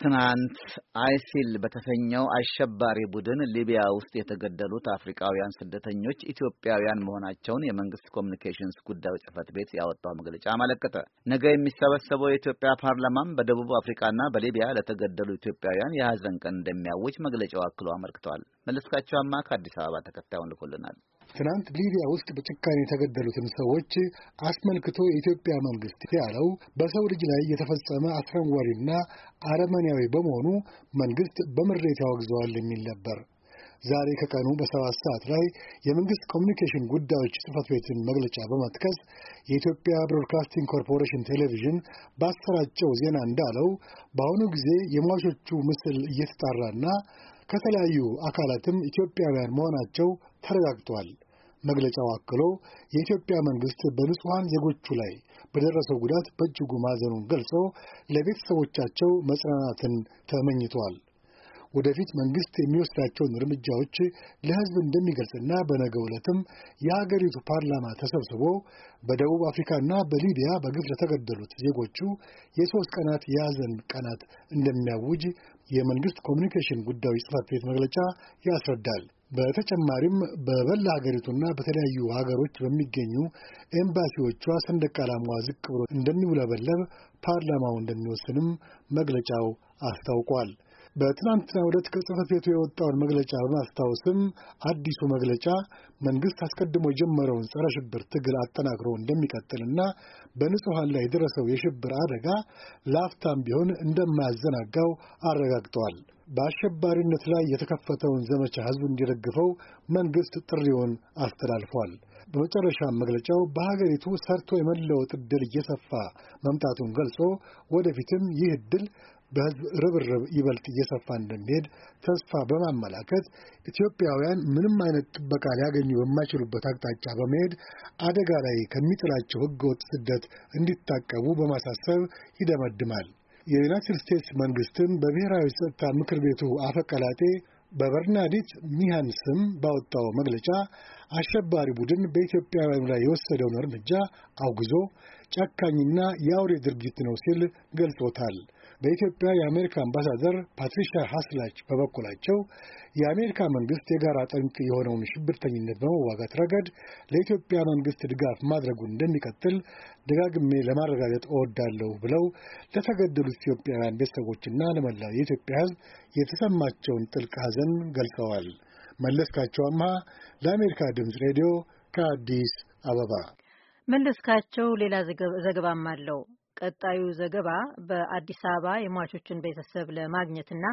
ትናንት አይሲል በተሰኘው አሸባሪ ቡድን ሊቢያ ውስጥ የተገደሉት አፍሪካውያን ስደተኞች ኢትዮጵያውያን መሆናቸውን የመንግስት ኮሚኒኬሽንስ ጉዳዮች ጽህፈት ቤት ያወጣው መግለጫ አመለከተ። ነገ የሚሰበሰበው የኢትዮጵያ ፓርላማም በደቡብ አፍሪካና በሊቢያ ለተገደሉ ኢትዮጵያውያን የሀዘን ቀን እንደሚያውጅ መግለጫው አክሎ አመልክተዋል። መለስካቸው አማ ከአዲስ አበባ ተከታዩን ልኮልናል። ትናንት ሊቢያ ውስጥ በጭካኔ የተገደሉትን ሰዎች አስመልክቶ የኢትዮጵያ መንግስት ያለው በሰው ልጅ ላይ የተፈጸመ አስረንጓዴና አረመኔያዊ በመሆኑ መንግስት በምሬት ያወግዘዋል የሚል ነበር። ዛሬ ከቀኑ በሰባት ሰዓት ላይ የመንግስት ኮሚኒኬሽን ጉዳዮች ጽህፈት ቤትን መግለጫ በመጥቀስ የኢትዮጵያ ብሮድካስቲንግ ኮርፖሬሽን ቴሌቪዥን ባሰራጨው ዜና እንዳለው በአሁኑ ጊዜ የሟቾቹ ምስል እየተጣራና ከተለያዩ አካላትም ኢትዮጵያውያን መሆናቸው ተረጋግጧል። መግለጫው አክሎ የኢትዮጵያ መንግስት በንጹሐን ዜጎቹ ላይ በደረሰው ጉዳት በእጅጉ ማዘኑን ገልጾ ለቤተሰቦቻቸው መጽናናትን ተመኝቷል። ወደፊት መንግስት የሚወስዳቸውን እርምጃዎች ለሕዝብ እንደሚገልጽና በነገ ዕለትም የሀገሪቱ ፓርላማ ተሰብስቦ በደቡብ አፍሪካና በሊቢያ በግፍ ለተገደሉት ዜጎቹ የሦስት ቀናት የሐዘን ቀናት እንደሚያውጅ የመንግስት ኮሚኒኬሽን ጉዳዮች ጽሕፈት ቤት መግለጫ ያስረዳል። በተጨማሪም በበላ ሀገሪቱና በተለያዩ ሀገሮች በሚገኙ ኤምባሲዎቿ ሰንደቅ ዓላማዋ ዝቅ ብሎ እንደሚውለበለብ ፓርላማው እንደሚወስንም መግለጫው አስታውቋል። በትናንትና ዕለት ከጽህፈት ቤቱ የወጣውን መግለጫ በማስታወስም አዲሱ መግለጫ መንግሥት አስቀድሞ የጀመረውን ጸረ ሽብር ትግል አጠናክሮ እንደሚቀጥልና በንጹሐን ላይ የደረሰው የሽብር አደጋ ላፍታም ቢሆን እንደማያዘናጋው አረጋግጠዋል። በአሸባሪነት ላይ የተከፈተውን ዘመቻ ህዝቡ እንዲደግፈው መንግሥት ጥሪውን አስተላልፏል። በመጨረሻ መግለጫው በሀገሪቱ ሰርቶ የመለወጥ እድል እየሰፋ መምጣቱን ገልጾ ወደፊትም ይህ እድል በህዝብ ርብርብ ይበልጥ እየሰፋ እንደሚሄድ ተስፋ በማመላከት ኢትዮጵያውያን ምንም አይነት ጥበቃ ሊያገኙ በማይችሉበት አቅጣጫ በመሄድ አደጋ ላይ ከሚጥላቸው ህገወጥ ስደት እንዲታቀቡ በማሳሰብ ይደመድማል። የዩናይትድ ስቴትስ መንግስትም በብሔራዊ ጸጥታ ምክር ቤቱ አፈቀላጤ በበርናዲት ሚሃን ስም ባወጣው መግለጫ አሸባሪ ቡድን በኢትዮጵያውያኑ ላይ የወሰደውን እርምጃ አውግዞ ጨካኝና የአውሬ ድርጊት ነው ሲል ገልጾታል። በኢትዮጵያ የአሜሪካ አምባሳደር ፓትሪሻ ሀስላች በበኩላቸው የአሜሪካ መንግስት የጋራ ጠንቅ የሆነውን ሽብርተኝነት በመዋጋት ረገድ ለኢትዮጵያ መንግስት ድጋፍ ማድረጉን እንደሚቀጥል ደጋግሜ ለማረጋገጥ እወዳለሁ ብለው ለተገደሉት ኢትዮጵያውያን ቤተሰቦችና ለመላው የኢትዮጵያ ሕዝብ የተሰማቸውን ጥልቅ ሐዘን ገልጸዋል። መለስካቸው አምሃ ለአሜሪካ ድምፅ ሬዲዮ ከአዲስ አበባ መለስካቸው ሌላ ዘገባም አለው። ቀጣዩ ዘገባ በአዲስ አበባ የሟቾችን ቤተሰብ ለማግኘትና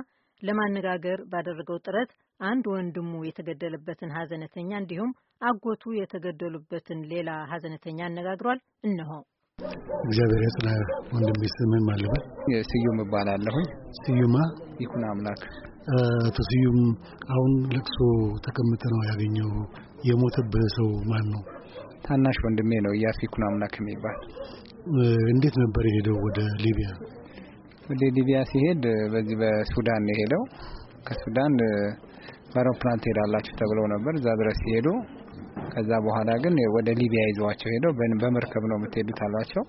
ለማነጋገር ባደረገው ጥረት አንድ ወንድሙ የተገደለበትን ሀዘነተኛ እንዲሁም አጎቱ የተገደሉበትን ሌላ ሀዘነተኛ አነጋግሯል። እነሆ። እግዚአብሔር ያጽና ወንድሜ። ስምህን ማን ልበል? ስዩም እባላለሁኝ። ስዩማ ይሁን አምላክ። አቶ ስዩም፣ አሁን ለቅሶ ተቀምጠ ነው ያገኘው። የሞተብህ ሰው ማን ነው? ታናሽ ወንድሜ ነው። እያሱ ይኩን አምላክ የሚባል እንዴት ነበር የሄደው ወደ ሊቢያ? ወደ ሊቢያ ሲሄድ በዚህ በሱዳን ነው የሄደው። ከሱዳን በአውሮፕላን ትሄዳላችሁ ተብለው ነበር እዛ ድረስ ሲሄዱ፣ ከዛ በኋላ ግን ወደ ሊቢያ ይዘዋቸው ሄደው በመርከብ ነው የምትሄዱት አሏቸው።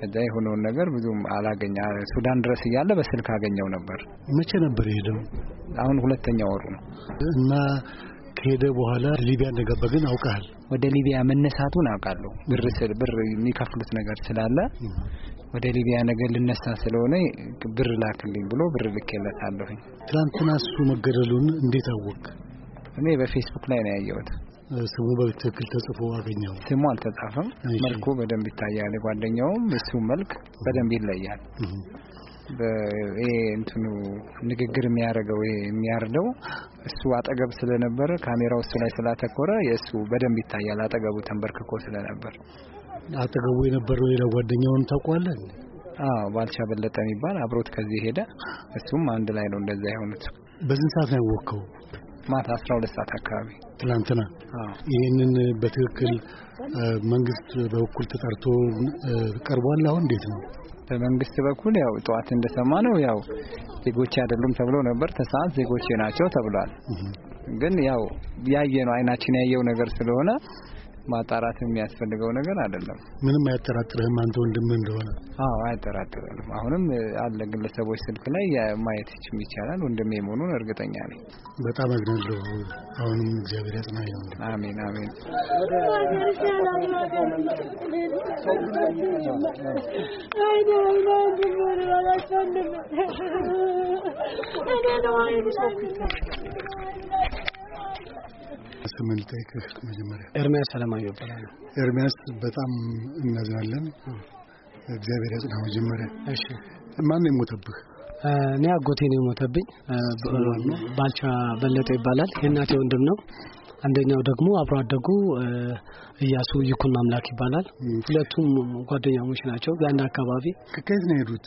ከዛ የሆነውን ነገር ብዙም አላገኘ ሱዳን ድረስ እያለ በስልክ አገኘው ነበር። መቼ ነበር የሄደው? አሁን ሁለተኛ ወሩ ነው እና ከሄደ በኋላ ሊቢያ እንደገባ ግን አውቃል። ወደ ሊቢያ መነሳቱን አውቃለሁ። ብር ስል ብር የሚከፍሉት ነገር ስላለ ወደ ሊቢያ ነገር ልነሳ ስለሆነ ብር ላክልኝ ብሎ ብር ልኬለታለሁኝ። ትናንትና እሱ መገደሉን እንዴት አወቅ? እኔ በፌስቡክ ላይ ነው ያየሁት። ስሙ በትክክል ተጽፎ አገኘው። ስሙ አልተጻፈም፣ መልኩ በደንብ ይታያል። ጓደኛውም እሱ መልክ በደንብ ይለያል። እንትኑ ንግግር የሚያደርገው ይሄ የሚያርደው እሱ አጠገብ ስለነበረ ካሜራው እሱ ላይ ስላተኮረ የእሱ በደንብ ይታያል። አጠገቡ ተንበርክኮ ስለነበር አጠገቡ የነበረው ሌላ ጓደኛውን ታውቀዋለህ? አዎ ባልቻ በለጠ የሚባል አብሮት ከዚህ ሄደ። እሱም አንድ ላይ ነው እንደዛ የሆኑት። በዚህ ሰዓት ነው ያወቅኸው? ማታ ሁለት ሰዓት አካባቢ ትላንትና። ይህንን በትክክል መንግስት በበኩል ተጠርቶ ቀርቧል። አሁን እንዴት ነው በመንግስት በኩል ያው ጠዋት እንደሰማ ነው ያው ዜጎች አይደሉም ተብሎ ነበር። ተሳት ዜጎቼ ናቸው ተብሏል። ግን ያው ያየ ነው አይናችን ያየው ነገር ስለሆነ ማጣራት የሚያስፈልገው ነገር አይደለም። ምንም አያጠራጥርህም አንተ ወንድም እንደሆነ? አዎ አያጠራጥርህም። አሁንም አለ ግለሰቦች ስልክ ላይ ማየት ይቻላል። ወንድሜ መሆኑን እርግጠኛ ነኝ። በጣም አግናለሁ። አሁንም እግዚአብሔር ያጽናህ። አሜን አሜን። Thank you. ስምን ልጠይቅህ መጀመሪያ። ኤርሚያስ አለማየሁ ይባላል። ኤርሚያስ በጣም እናዝናለን። እግዚአብሔር ያጽና። መጀመሪያ እሺ፣ ማን ነው የሞተብህ? እኔ አጎቴ ነው የሞተብኝ። ባልቻ በለጠ ይባላል። የእናቴ ወንድም ነው። አንደኛው ደግሞ አብሮ አደጉ እያሱ ይኩን አምላክ ይባላል። ሁለቱም ጓደኛሞች ናቸው። ያን አካባቢ ከየት ነው የሄዱት?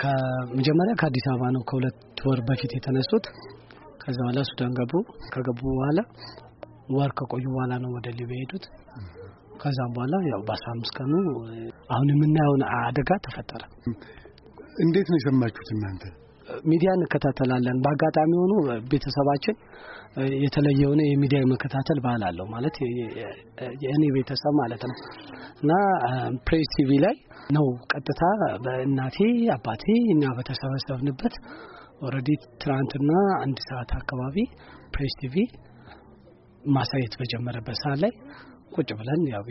ከመጀመሪያ ከአዲስ አበባ ነው ከሁለት ወር በፊት የተነሱት። ከዛ በኋላ ሱዳን ገቡ። ከገቡ በኋላ ወር ከቆዩ በኋላ ነው ወደ ሊቢያ ሄዱት። ከዛም በኋላ ያው በአስራ አምስት ቀኑ አሁን የምናየውን አደጋ ተፈጠረ። እንዴት ነው የሰማችሁት እናንተ? ሚዲያ እንከታተላለን። በአጋጣሚ ሆኖ ቤተሰባችን የተለየ የሆነ የሚዲያ መከታተል ባህል አለው ማለት የእኔ ቤተሰብ ማለት ነው እና ፕሬስ ቲቪ ላይ ነው ቀጥታ በእናቴ አባቴ እኛ በተሰበሰብንበት ኦልሬዲ ትናንትና አንድ ሰዓት አካባቢ ፕሬስ ቲቪ ማሳየት በጀመረበት ሰዓት ላይ ቁጭ ብለን ያው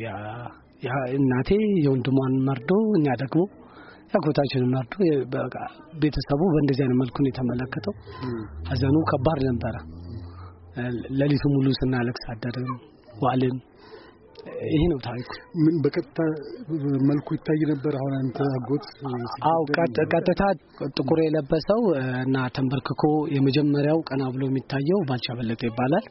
እናቴ የወንድሟን መርዶ እኛ ደግሞ ያጎታችንን መርዶ ቤተሰቡ በእንደዚህ አይነት መልኩ ነው የተመለከተው። ሀዘኑ ከባድ ነበረ። ለሊቱ ሙሉ ስናለቅስ አደርን ዋልን። ይሄ ነው ታሪኩ። ምን በቀጥታ መልኩ ይታይ ነበር። አሁን አንተ አጎት? አዎ፣ ቀጥታ ጥቁር የለበሰው እና ተንበርክኮ የመጀመሪያው ቀና ብሎ የሚታየው ባልቻ በለጠ ይባላል።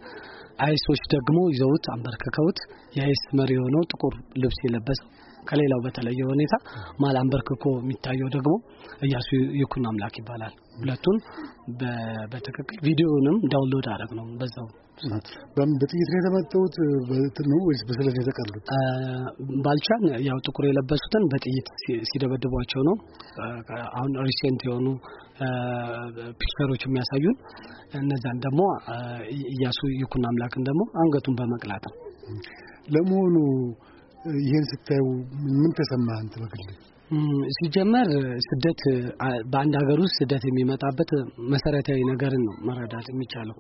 አይሶች ደግሞ ይዘውት አንበርክከውት የአይስ መሪ የሆነው ጥቁር ልብስ የለበሰው ከሌላው በተለየ ሁኔታ ማል አንበርክኮ የሚታየው ደግሞ እያሱ ይኩን አምላክ ይባላል። ሁለቱን በትክክል ቪዲዮንም ዳውንሎድ አደረግ ነው በዛው በጥይት ነው የተመጡት ነው ወይስ በስለት የተቀሉት? ባልቻን ያው ጥቁር የለበሱትን በጥይት ሲደበድቧቸው ነው። አሁን ሪሴንት የሆኑ ፒክቸሮች የሚያሳዩን እነዛን ደግሞ እያሱ ይኩን አምላክን ደግሞ አንገቱን በመቅላት ነው። ለመሆኑ ይሄን ስታዩ ምን ተሰማ አንተ በግል? ሲጀመር ስደት በአንድ ሀገር ውስጥ ስደት የሚመጣበት መሰረታዊ ነገርን ነው መረዳት የሚቻለው።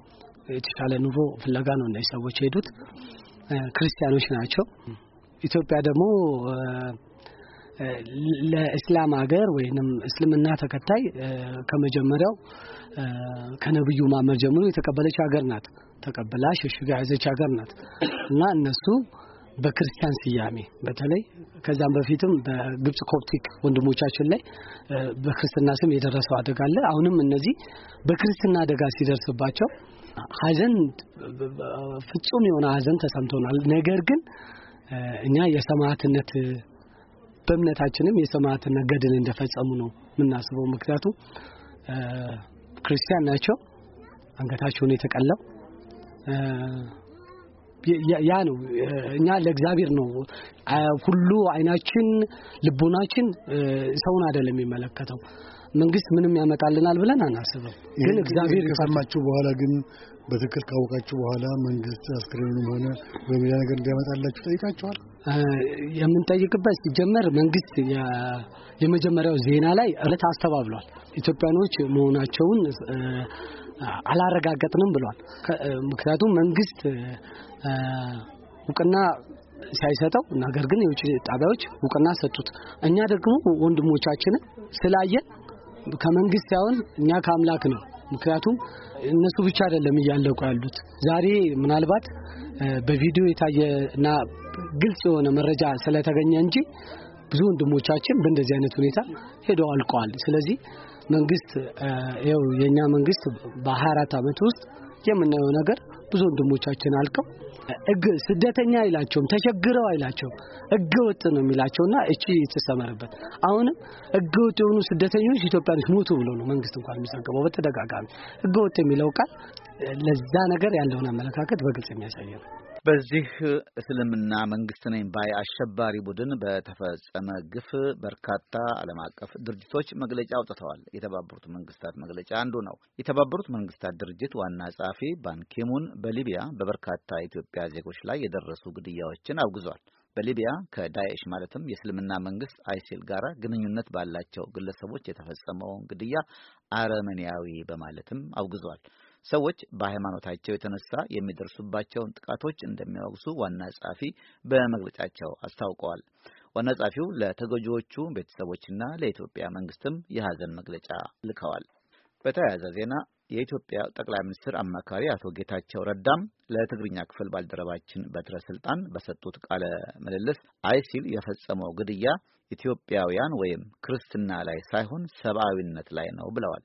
የተሻለ ኑሮ ፍለጋ ነው እነዚህ ሰዎች የሄዱት፣ ክርስቲያኖች ናቸው። ኢትዮጵያ ደግሞ ለእስላም ሀገር ወይንም እስልምና ተከታይ ከመጀመሪያው ከነብዩ ማመር ጀምሮ የተቀበለች ሀገር ናት። ተቀብላ ሸሽጋ ያዘች ሀገር ናት እና እነሱ በክርስቲያን ስያሜ በተለይ ከዛም በፊትም በግብጽ ኮፕቲክ ወንድሞቻችን ላይ በክርስትና ስም የደረሰው አደጋ አለ። አሁንም እነዚህ በክርስትና አደጋ ሲደርስባቸው ሐዘን ፍጹም የሆነ ሐዘን ተሰምቶናል። ነገር ግን እኛ የሰማዕትነት በእምነታችንም የሰማዕትነት ገድል እንደፈጸሙ ነው የምናስበው። ምክንያቱም ክርስቲያን ናቸው፣ አንገታቸውን የተቀላው ያ ነው እኛ ለእግዚአብሔር ነው ሁሉ አይናችን ልቡናችን ሰውን አይደለም የሚመለከተው። መንግስት ምንም ያመጣልናል ብለን አናስብም። ግን እግዚአብሔር ከሰማችሁ በኋላ ግን በትክክል ካወቃችሁ በኋላ መንግስት አስክሬኑም ሆነ ወይም ሌላ ነገር እንዲያመጣላችሁ ጠይቃችኋል? የምንጠይቅበት ሲጀመር መንግስት የመጀመሪያው ዜና ላይ እለት አስተባብሏል ኢትዮጵያኖች መሆናቸውን አላረጋገጥንም ብሏል። ምክንያቱም መንግስት እውቅና ሳይሰጠው ነገር ግን የውጭ ጣቢያዎች እውቅና ሰጡት። እኛ ደግሞ ወንድሞቻችንን ስላየን ከመንግስት ሳይሆን እኛ ከአምላክ ነው። ምክንያቱም እነሱ ብቻ አይደለም እያለቁ ያሉት። ዛሬ ምናልባት በቪዲዮ የታየ እና ግልጽ የሆነ መረጃ ስለተገኘ እንጂ ብዙ ወንድሞቻችን በእንደዚህ አይነት ሁኔታ ሄደው አልቀዋል። ስለዚህ መንግስት ይኸው የእኛ መንግስት በ24 ዓመት ውስጥ የምናየው ነገር ብዙ ወንድሞቻችን አልቀው እግ ስደተኛ አይላቸውም፣ ተቸግረው አይላቸውም፣ ህገ ወጥ ነው የሚላቸውና እቺ የተሰመረበት አሁንም ህገ ወጥ የሆኑ ስደተኞች ኢትዮጵያኖች ሞቱ ብሎ ነው መንግስት እንኳን የሚዘግበው በተደጋጋሚ ህገ ወጥ የሚለው ቃል ለዛ ነገር ያለውን አመለካከት በግልጽ የሚያሳይ ነው። በዚህ እስልምና መንግስት ነኝ ባይ አሸባሪ ቡድን በተፈጸመ ግፍ በርካታ ዓለም አቀፍ ድርጅቶች መግለጫ አውጥተዋል። የተባበሩት መንግስታት መግለጫ አንዱ ነው። የተባበሩት መንግስታት ድርጅት ዋና ጸሐፊ ባንኪሙን በሊቢያ በበርካታ ኢትዮጵያ ዜጎች ላይ የደረሱ ግድያዎችን አውግዟል። በሊቢያ ከዳኤሽ ማለትም የእስልምና መንግስት አይሲል ጋር ግንኙነት ባላቸው ግለሰቦች የተፈጸመውን ግድያ አረመኔያዊ በማለትም አውግዟል። ሰዎች በሃይማኖታቸው የተነሳ የሚደርሱባቸውን ጥቃቶች እንደሚያወግሱ ዋና ጸሐፊ በመግለጫቸው አስታውቀዋል። ዋና ጸሐፊው ለተጎጂዎቹ ቤተሰቦችና ለኢትዮጵያ መንግስትም የሐዘን መግለጫ ልከዋል። በተያያዘ ዜና የኢትዮጵያ ጠቅላይ ሚኒስትር አማካሪ አቶ ጌታቸው ረዳም ለትግርኛ ክፍል ባልደረባችን በትረ ስልጣን በሰጡት ቃለ ምልልስ አይሲል የፈጸመው ግድያ ኢትዮጵያውያን ወይም ክርስትና ላይ ሳይሆን ሰብአዊነት ላይ ነው ብለዋል።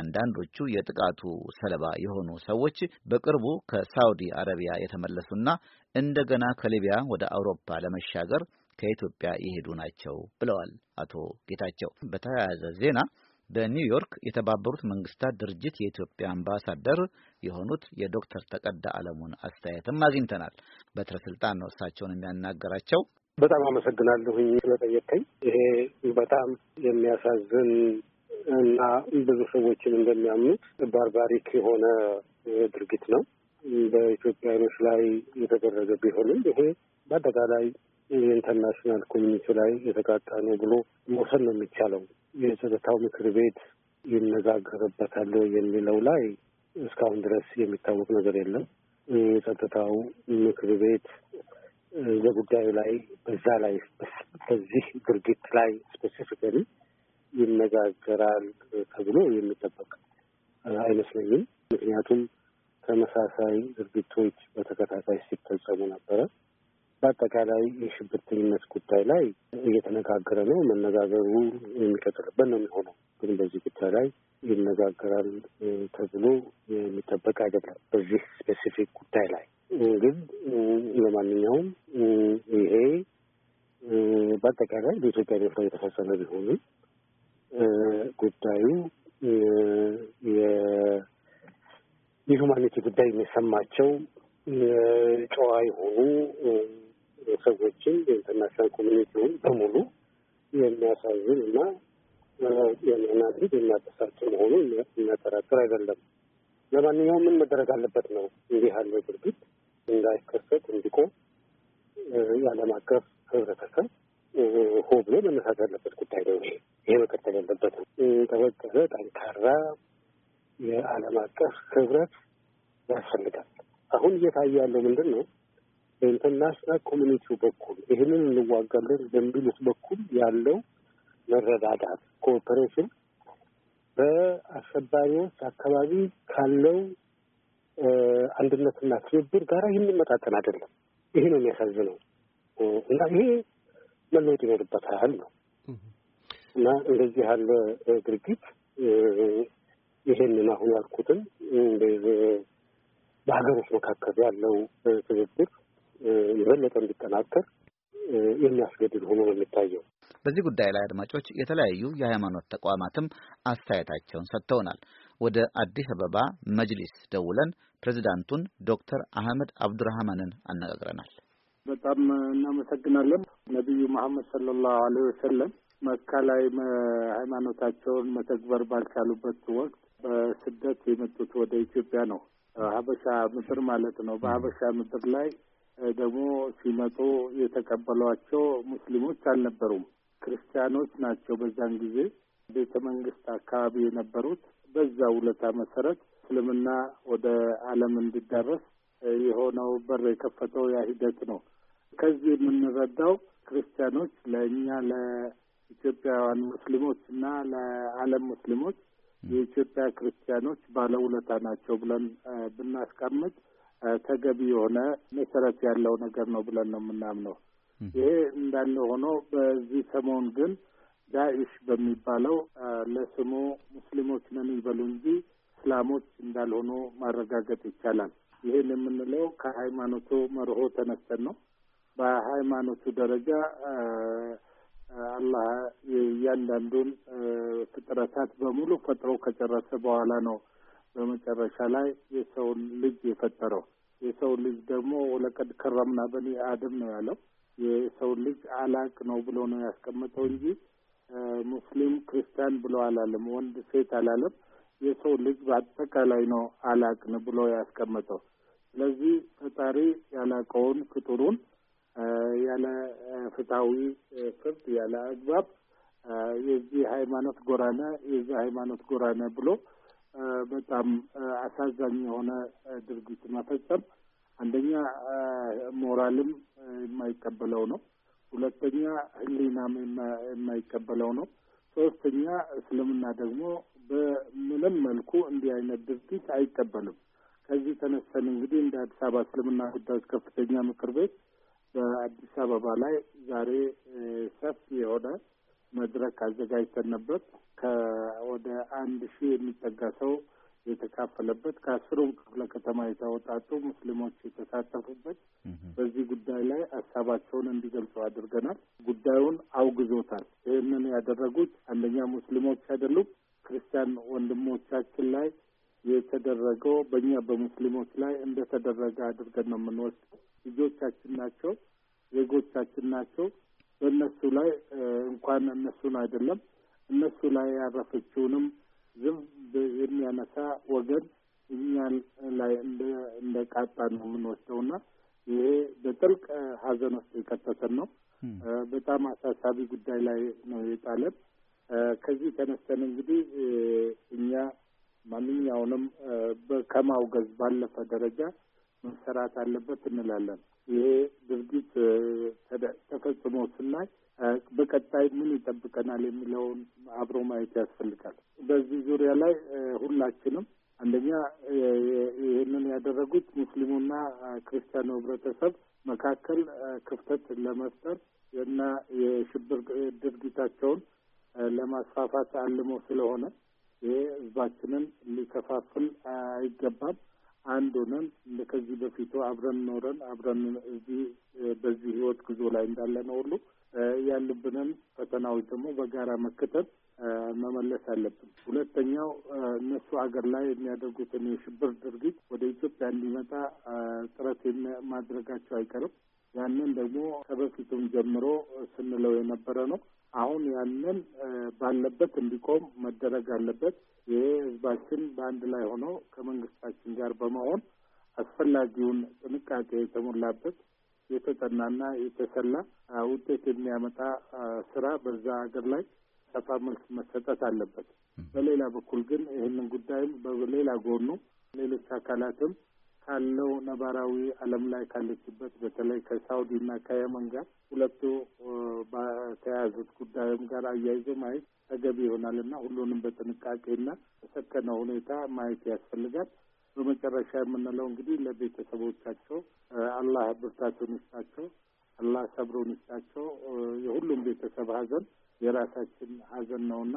አንዳንዶቹ የጥቃቱ ሰለባ የሆኑ ሰዎች በቅርቡ ከሳውዲ አረቢያ የተመለሱና እንደገና ከሊቢያ ወደ አውሮፓ ለመሻገር ከኢትዮጵያ የሄዱ ናቸው ብለዋል አቶ ጌታቸው። በተያያዘ ዜና በኒውዮርክ የተባበሩት መንግስታት ድርጅት የኢትዮጵያ አምባሳደር የሆኑት የዶክተር ተቀዳ አለሙን አስተያየትም አግኝተናል። በትረ ስልጣን ነው እሳቸውን የሚያናገራቸው። በጣም አመሰግናለሁኝ ስለጠየቀኝ። ይሄ በጣም የሚያሳዝን እና ብዙ ሰዎችን እንደሚያምኑት ባርባሪክ የሆነ ድርጊት ነው በኢትዮጵያኖች ላይ የተደረገ ቢሆንም ይሄ በአጠቃላይ የኢንተርናሽናል ኮሚኒቲ ላይ የተቃጣ ነው ብሎ መውሰድ ነው የሚቻለው። የጸጥታው ምክር ቤት ይነጋገርበታል የሚለው ላይ እስካሁን ድረስ የሚታወቅ ነገር የለም። የጸጥታው ምክር ቤት በጉዳዩ ላይ በዛ ላይ በዚህ ድርጊት ላይ ስፔሲፊካሊ ይነጋገራል ተብሎ የሚጠበቅ አይመስለኝም። ምክንያቱም ተመሳሳይ ድርጊቶች በተከታታይ ሲፈጸሙ ነበረ። በአጠቃላይ የሽብርተኝነት ጉዳይ ላይ እየተነጋገረ ነው። መነጋገሩ የሚቀጥልበት ነው የሚሆነው። ግን በዚህ ጉዳይ ላይ ይነጋገራል ተብሎ የሚጠበቅ አይደለም። በዚህ ስፔሲፊክ ጉዳይ ላይ ግን ለማንኛውም ይሄ በአጠቃላይ በኢትዮጵያ ላይ የተፈጸመ ቢሆንም ጉዳዩ የሁማኒቲ ጉዳይ የሚሰማቸው ጨዋ የሆኑ ሰዎችን የኢንተርናሽናል ኮሚኒቲውን በሙሉ የሚያሳዝን እና የሚያናድድ የሚያበሳጭ መሆኑ የሚያጠራጥር አይደለም። ለማንኛውም ምን መደረግ አለበት ነው እንዲህ ያለ ድርጊት እንዳይከሰት እንዲቆም የዓለም አቀፍ ህብረተሰብ ሆ ብሎ መነሳት ያለበት ጉዳይ ነው። ይሄ መቀጠል ያለበት የተወጠረ ጠንካራ የዓለም አቀፍ ህብረት ያስፈልጋል። አሁን እየታየ ያለው ምንድን ነው? በኢንተርናሽናል ኮሚኒቲው በኩል ይህንን እንዋጋለን በሚሉት በኩል ያለው መረዳዳት ኮኦፐሬሽን በአሸባሪዎች አካባቢ ካለው አንድነትና ትብብር ጋር የሚመጣጠን አይደለም። ይሄ ነው የሚያሳዝነው እና ይሄ መለወጥ ያህል ነው እና እንደዚህ ያለ ድርጊት ይሄንን አሁን ያልኩትን በሀገሮች መካከል ያለው ትብብር የበለጠ እንዲጠናከር የሚያስገድድ ሆኖ ነው የሚታየው። በዚህ ጉዳይ ላይ አድማጮች፣ የተለያዩ የሃይማኖት ተቋማትም አስተያየታቸውን ሰጥተውናል። ወደ አዲስ አበባ መጅሊስ ደውለን ፕሬዚዳንቱን ዶክተር አህመድ አብዱራህማንን አነጋግረናል። በጣም እናመሰግናለን። ነቢዩ መሐመድ ሰለላሁ አለይሂ ወሰለም መካ ላይ ሃይማኖታቸውን መተግበር ባልቻሉበት ወቅት በስደት የመጡት ወደ ኢትዮጵያ ነው። ሀበሻ ምድር ማለት ነው። በሀበሻ ምድር ላይ ደግሞ ሲመጡ የተቀበሏቸው ሙስሊሞች አልነበሩም፣ ክርስቲያኖች ናቸው። በዛን ጊዜ ቤተ መንግስት አካባቢ የነበሩት በዛ ውለታ መሰረት እስልምና ወደ ዓለም እንዲዳረስ የሆነው በር የከፈተው ያ ሂደት ነው። ከዚህ የምንረዳው ክርስቲያኖች ለእኛ ለኢትዮጵያውያን ሙስሊሞች እና ለዓለም ሙስሊሞች የኢትዮጵያ ክርስቲያኖች ባለውለታ ናቸው ብለን ብናስቀምጥ ተገቢ የሆነ መሰረት ያለው ነገር ነው ብለን ነው የምናምነው። ይሄ እንዳለ ሆኖ በዚህ ሰሞን ግን ዳኢሽ በሚባለው ለስሙ ሙስሊሞች ነን ይበሉ እንጂ እስላሞች እንዳልሆኑ ማረጋገጥ ይቻላል። ይህን የምንለው ከሃይማኖቱ መርሆ ተነስተን ነው። በሃይማኖቱ ደረጃ አላህ እያንዳንዱን ፍጥረታት በሙሉ ፈጥሮ ከጨረሰ በኋላ ነው በመጨረሻ ላይ የሰውን ልጅ የፈጠረው። የሰውን ልጅ ደግሞ ወለቀድ ከረምና በኒ አደም ነው ያለው። የሰውን ልጅ አላቅ ነው ብሎ ነው ያስቀመጠው እንጂ ሙስሊም ክርስቲያን ብሎ አላለም፣ ወንድ ሴት አላለም። የሰው ልጅ በአጠቃላይ ነው አላቅን ብሎ ያስቀመጠው። ስለዚህ ፈጣሪ ያላቀውን ፍጡሩን ያለ ፍትሐዊ ፍርድ ያለ አግባብ የዚህ ሃይማኖት ጎራነ የዚህ ሃይማኖት ጎራነ ብሎ በጣም አሳዛኝ የሆነ ድርጊት መፈጸም አንደኛ ሞራልም የማይቀበለው ነው። ሁለተኛ ሕሊናም የማይቀበለው ነው። ሶስተኛ እስልምና ደግሞ በምንም መልኩ እንዲህ አይነት ድርጊት አይቀበልም። ከዚህ ተነስተን እንግዲህ እንደ አዲስ አበባ እስልምና ጉዳዮች ከፍተኛ ምክር ቤት በአዲስ አበባ ላይ ዛሬ ሰፊ የሆነ መድረክ አዘጋጅተንበት ከወደ አንድ ሺህ የሚጠጋ ሰው የተካፈለበት ከአስሩም ክፍለ ከተማ የተወጣጡ ሙስሊሞች የተሳተፉበት በዚህ ጉዳይ ላይ ሀሳባቸውን እንዲገልጹ አድርገናል። ጉዳዩን አውግዞታል። ይህንን ያደረጉት አንደኛ ሙስሊሞች አይደሉም፣ ክርስቲያን ወንድሞቻችን ላይ የተደረገው በእኛ በሙስሊሞች ላይ እንደተደረገ አድርገን ነው የምንወስደው። ልጆቻችን ናቸው፣ ዜጎቻችን ናቸው። በእነሱ ላይ እንኳን እነሱን አይደለም እነሱ ላይ ያረፈችውንም ዝም የሚያነሳ ወገን እኛ ላይ እንደ ቃጣ ነው እና ይሄ በጥልቅ ሐዘን ውስጥ የከተተን ነው። በጣም አሳሳቢ ጉዳይ ላይ ነው የጣለን። ከዚህ ተነስተን እንግዲህ እኛ ማንኛውንም ከማውገዝ ባለፈ ደረጃ መሰራት አለበት እንላለን። ይሄ ድርጊት ተፈጽሞ ስናይ በቀጣይ ምን ይጠብቀናል የሚለውን አብሮ ማየት ያስፈልጋል። በዚህ ዙሪያ ላይ ሁላችንም አንደኛ ይህንን ያደረጉት ሙስሊሙና ክርስቲያኑ ህብረተሰብ መካከል ክፍተት ለመፍጠር እና የሽብር ድርጊታቸውን ለማስፋፋት አልሞ ስለሆነ ይሄ ህዝባችንን ሊከፋፍል አይገባም። አንድ ሆነን ከዚህ በፊቱ አብረን ኖረን አብረን እዚህ በዚህ ህይወት ጉዞ ላይ እንዳለ ነው ሁሉ ያሉብንን ፈተናዎች ደግሞ በጋራ መከተል መመለስ አለብን። ሁለተኛው እነሱ ሀገር ላይ የሚያደርጉትን የሽብር ድርጊት ወደ ኢትዮጵያ እንዲመጣ ጥረት ማድረጋቸው አይቀርም። ያንን ደግሞ ከበፊቱም ጀምሮ ስንለው የነበረ ነው። አሁን ያንን ባለበት እንዲቆም መደረግ አለበት። ይሄ ህዝባችን በአንድ ላይ ሆኖ ከመንግስታችን ጋር በመሆን አስፈላጊውን ጥንቃቄ የተሞላበት የተጠናና የተሰላ ውጤት የሚያመጣ ስራ በዛ ሀገር ላይ ሰፋ መልስ መሰጠት አለበት። በሌላ በኩል ግን ይህንን ጉዳይም በሌላ ጎኑ ሌሎች አካላትም ካለው ነባራዊ ዓለም ላይ ካለችበት በተለይ ከሳውዲና ከየመን ጋር ሁለቱ በተያያዙት ጉዳዩም ጋር አያይዞ ማየት ተገቢ ይሆናል እና ሁሉንም በጥንቃቄና በሰከነ ሁኔታ ማየት ያስፈልጋል። በመጨረሻ የምንለው እንግዲህ ለቤተሰቦቻቸው አላህ ብርታቱን ይስጣቸው፣ አላህ ሰብሮን ይስጣቸው። የሁሉም ቤተሰብ ሀዘን የራሳችን ሀዘን ነውና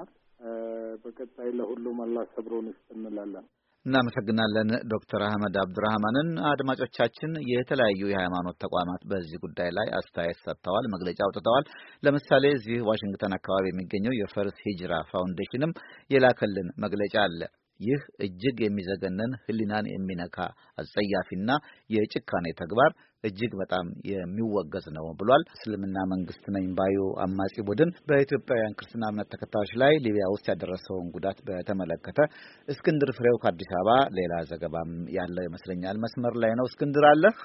በቀጣይ ለሁሉም አላህ ሰብሮን ይስጥ እንላለን። እናመሰግናለን ዶክተር አህመድ አብዱራህማንን። አድማጮቻችን የተለያዩ የሃይማኖት ተቋማት በዚህ ጉዳይ ላይ አስተያየት ሰጥተዋል፣ መግለጫ አውጥተዋል። ለምሳሌ እዚህ ዋሽንግተን አካባቢ የሚገኘው የፈርስ ሂጅራ ፋውንዴሽንም የላከልን መግለጫ አለ። ይህ እጅግ የሚዘገነን ህሊናን የሚነካ አጸያፊና የጭካኔ ተግባር እጅግ በጣም የሚወገዝ ነው ብሏል። እስልምና መንግስት ነኝ ባዩ አማጺ ቡድን በኢትዮጵያውያን ክርስትና እምነት ተከታዮች ላይ ሊቢያ ውስጥ ያደረሰውን ጉዳት በተመለከተ እስክንድር ፍሬው ከአዲስ አበባ ሌላ ዘገባም ያለው ይመስለኛል። መስመር ላይ ነው እስክንድር አለህ?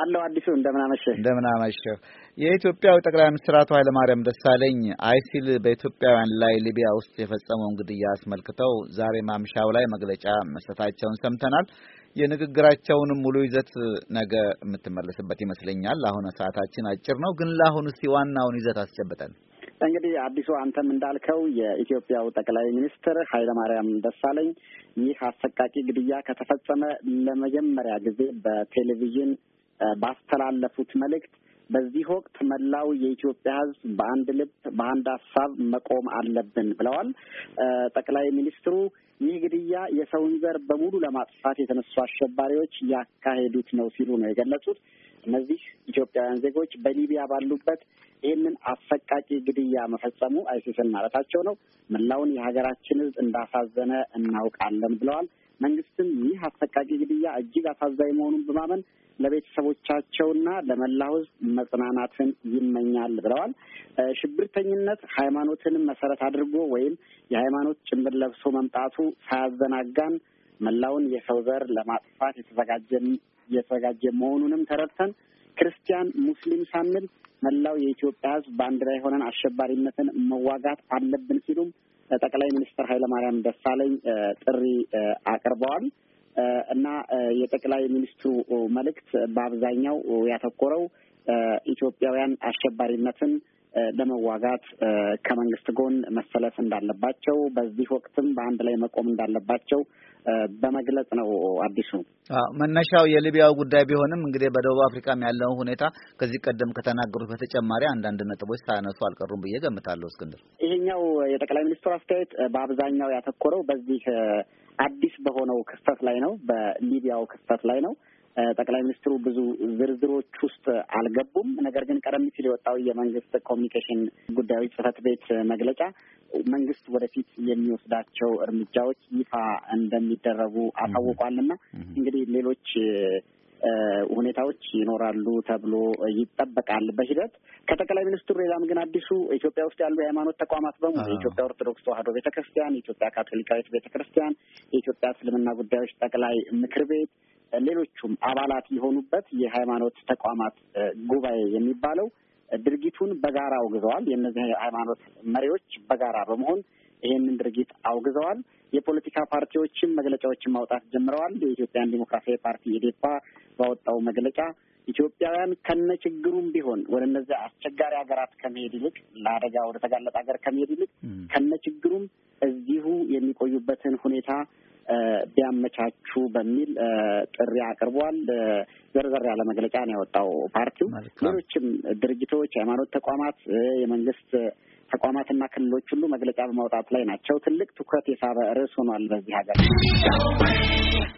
አለው አዲሱ እንደምናመሸ እንደምናመሸ። የኢትዮጵያው ጠቅላይ ሚኒስትር አቶ ኃይለማርያም ደሳለኝ አይሲል በኢትዮጵያውያን ላይ ሊቢያ ውስጥ የፈጸመውን ግድያ አስመልክተው ዛሬ ማምሻው ላይ መግለጫ መስጠታቸውን ሰምተናል። የንግግራቸውንም ሙሉ ይዘት ነገ የምትመለስበት ይመስለኛል። አሁን ሰዓታችን አጭር ነው፣ ግን ለአሁን እስቲ ዋናውን ይዘት አስጨብጠን እንግዲህ አዲሱ አንተም እንዳልከው የኢትዮጵያው ጠቅላይ ሚኒስትር ኃይለማርያም ደሳለኝ ይህ አሰቃቂ ግድያ ከተፈጸመ ለመጀመሪያ ጊዜ በቴሌቪዥን ባስተላለፉት መልእክት በዚህ ወቅት መላው የኢትዮጵያ ሕዝብ በአንድ ልብ በአንድ ሀሳብ መቆም አለብን ብለዋል ጠቅላይ ሚኒስትሩ። ይህ ግድያ የሰውን ዘር በሙሉ ለማጥፋት የተነሱ አሸባሪዎች ያካሄዱት ነው ሲሉ ነው የገለጹት። እነዚህ ኢትዮጵያውያን ዜጎች በሊቢያ ባሉበት ይህንን አሰቃቂ ግድያ መፈጸሙ አይሲስን ማለታቸው ነው መላውን የሀገራችን ህዝብ እንዳሳዘነ እናውቃለን ብለዋል። መንግስትም ይህ አሰቃቂ ግድያ እጅግ አሳዛኝ መሆኑን በማመን ለቤተሰቦቻቸውና ለመላው ሕዝብ መጽናናትን ይመኛል ብለዋል። ሽብርተኝነት ሃይማኖትን መሰረት አድርጎ ወይም የሃይማኖት ጭንብር ለብሶ መምጣቱ ሳያዘናጋን መላውን የሰው ዘር ለማጥፋት የተዘጋጀ መሆኑንም ተረድተን ክርስቲያን፣ ሙስሊም ሳንል መላው የኢትዮጵያ ሕዝብ በአንድ ላይ ሆነን አሸባሪነትን መዋጋት አለብን ሲሉም ጠቅላይ ሚኒስትር ኃይለማርያም ደሳለኝ ጥሪ አቅርበዋል እና የጠቅላይ ሚኒስትሩ መልእክት በአብዛኛው ያተኮረው ኢትዮጵያውያን አሸባሪነትን ለመዋጋት ከመንግስት ጎን መሰለፍ እንዳለባቸው በዚህ ወቅትም በአንድ ላይ መቆም እንዳለባቸው በመግለጽ ነው። አዲሱ መነሻው የሊቢያው ጉዳይ ቢሆንም እንግዲህ በደቡብ አፍሪካም ያለው ሁኔታ ከዚህ ቀደም ከተናገሩት በተጨማሪ አንዳንድ ነጥቦች ሳያነሱ አልቀሩም ብዬ ገምታለሁ። እስክንድር፣ ይሄኛው የጠቅላይ ሚኒስትሩ አስተያየት በአብዛኛው ያተኮረው በዚህ አዲስ በሆነው ክስተት ላይ ነው፣ በሊቢያው ክስተት ላይ ነው። ጠቅላይ ሚኒስትሩ ብዙ ዝርዝሮች ውስጥ አልገቡም። ነገር ግን ቀደም ሲል የወጣው የመንግስት ኮሚኒኬሽን ጉዳዮች ጽህፈት ቤት መግለጫ መንግስት ወደፊት የሚወስዳቸው እርምጃዎች ይፋ እንደሚደረጉ አሳውቋልና እንግዲህ ሌሎች ሁኔታዎች ይኖራሉ ተብሎ ይጠበቃል በሂደት ከጠቅላይ ሚኒስትሩ ሌላም ግን አዲሱ ኢትዮጵያ ውስጥ ያሉ የሃይማኖት ተቋማት በሙሉ የኢትዮጵያ ኦርቶዶክስ ተዋሕዶ ቤተክርስቲያን፣ የኢትዮጵያ ካቶሊካዊት ቤተክርስቲያን፣ የኢትዮጵያ እስልምና ጉዳዮች ጠቅላይ ምክር ቤት ሌሎቹም አባላት የሆኑበት የሃይማኖት ተቋማት ጉባኤ የሚባለው ድርጊቱን በጋራ አውግዘዋል። የእነዚህ ሃይማኖት መሪዎች በጋራ በመሆን ይህንን ድርጊት አውግዘዋል። የፖለቲካ ፓርቲዎችም መግለጫዎችን ማውጣት ጀምረዋል። የኢትዮጵያን ዲሞክራሲያዊ ፓርቲ ኢዴፓ ባወጣው መግለጫ ኢትዮጵያውያን ከነ ችግሩም ቢሆን ወደ እነዚህ አስቸጋሪ ሀገራት ከመሄድ ይልቅ ለአደጋ ወደ ተጋለጠ ሀገር ከመሄድ ይልቅ ከነ ችግሩም እዚሁ የሚቆዩበትን ሁኔታ ቢያመቻቹ በሚል ጥሪ አቅርቧል። ዘርዘር ያለ መግለጫ ነው ያወጣው ፓርቲው። ሌሎችም ድርጅቶች፣ የሃይማኖት ተቋማት፣ የመንግስት ተቋማትና ክልሎች ሁሉ መግለጫ በማውጣት ላይ ናቸው። ትልቅ ትኩረት የሳበ ርዕስ ሆኗል በዚህ ሀገር።